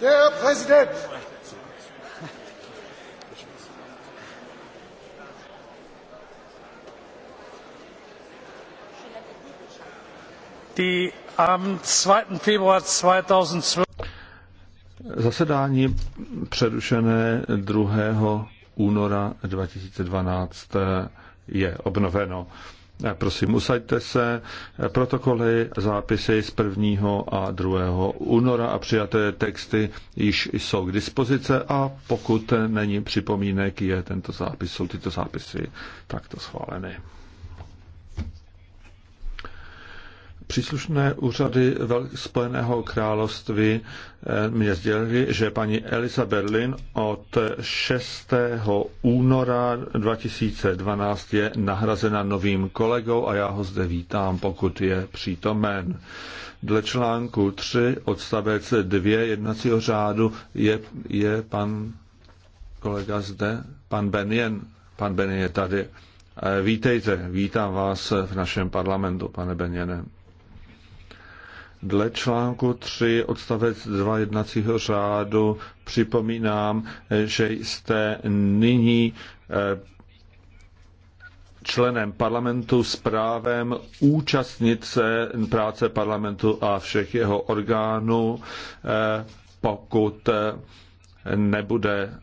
Der Präsident! Zasedání přerušené 2. února 2012 eh, je obnoveno. Prosím, usaďte se. Protokoly, zápisy z 1. a 2. února a přijaté texty již jsou k dispozice a pokud není připomínek, je tento zápis, jsou tyto zápisy takto schváleny. Příslušné úřady Spojeného království eh, mě sdělili, že paní Elisa Berlin od 6. února 2012 je nahrazena novým kolegou a já ho zde vítám, pokud je přítomen. Dle článku 3 odstavec 2 jednacího řádu je, je pan kolega zde, pan Benjen. Pan Benjen je tady. Eh, vítejte, vítám vás v našem parlamentu, pane Benjene. Dle článku 3 odstavec 2 jednacího řádu připomínám, že jste nyní eh, členem parlamentu s právem účastnit se práce parlamentu a všech jeho orgánů, eh, pokud eh, nebude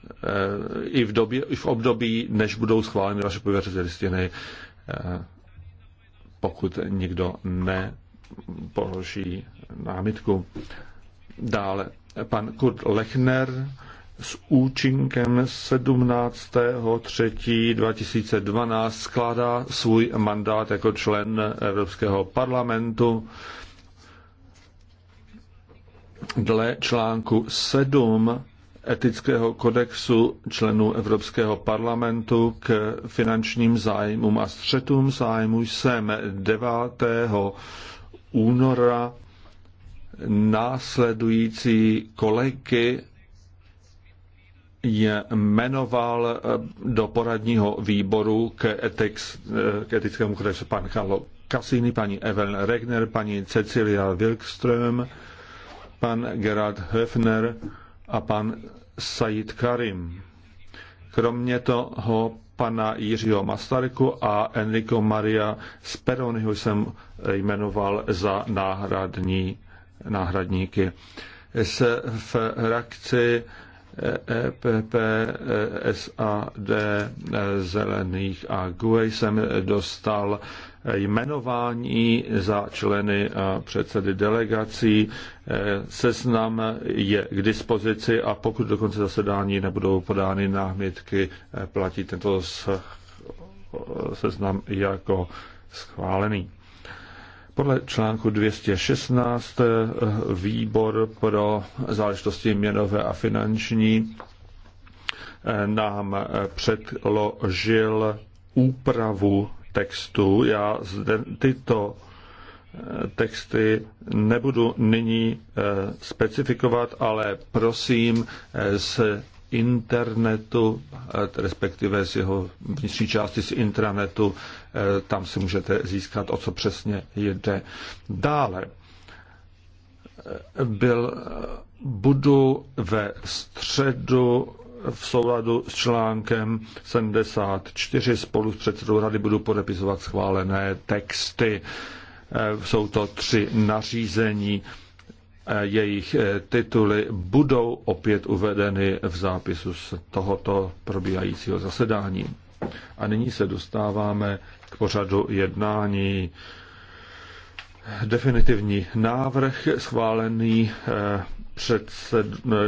i v, době, i v období, než budou schváleny vaše pověřené listiny, pokud nikdo ne položí námitku. Dále pan Kurt Lechner s účinkem 17.3.2012 skládá svůj mandát jako člen Evropského parlamentu dle článku 7 etického kodexu členů Evropského parlamentu k finančním zájmům a střetům zájmu jsem 9 února následující kolegy je jmenoval eh, do poradního výboru k, etik, eh, k etickému kodexu pan Carlo Cassini, paní Evelyn Regner, paní Cecilia Wilkström, pan Gerard Höfner a pan Said Karim. Kromě toho pana Jiřího Masaryku a Enrico Maria Speroniho jsem jmenoval za náhradní, náhradníky. S v EPP, eh, e SAD, eh, Zelených a GUE jsem dostal jmenování za členy a předsedy delegací. Eh, seznam je k dispozici a pokud do konce zasedání nebudou podány námitky, eh, platí tento seznam jako schválený. Podle článku 216 eh, výbor pro záležitosti měnové a finanční nám předložil úpravu textu. Já zde tyto eh, texty nebudu nyní eh, specifikovat, ale prosím eh, z internetu, respektive z jeho vnitřní části z intranetu, tam si můžete získat, o co přesně jde. Dále byl, budu ve středu v souladu s článkem 74 spolu s předsedou rady budu podepisovat schválené texty. E, jsou to tři nařízení. E, jejich e, tituly budou opět uvedeny v zápisu z tohoto probíhajícího zasedání. A nyní se dostáváme k pořadu jednání definitivní návrh schválený eh, před eh,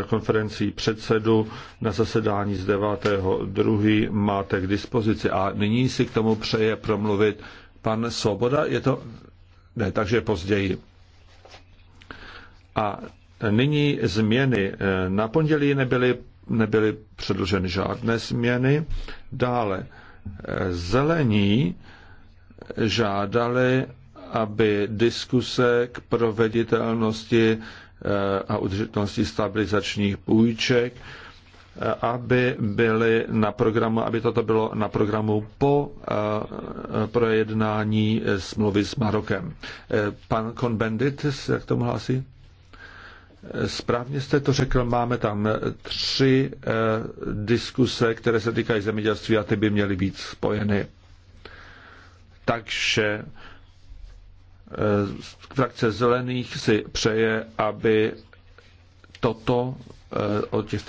konferencí předsedu na zasedání z 9.2. máte k dispozici. A nyní si k tomu přeje promluvit pan Svoboda. Je to? Ne, takže později. A nyní změny. Eh, na pondělí nebyly, nebyly předloženy žádné změny. Dále zelení žádali aby diskuse k proveditelnosti eh, a udržitelnosti stabilizačních půjček, eh, aby byly na programu, aby toto bylo na programu po eh, projednání smlouvy s Marokem. Pan Konbendit se jak tomu hlásí? Správně jste to řekl, máme tam tři diskuse, které se týkají zemědělství a ty by měly být spojeny. Takže Eh, frakce zelených si přeje, aby toto eh, od těch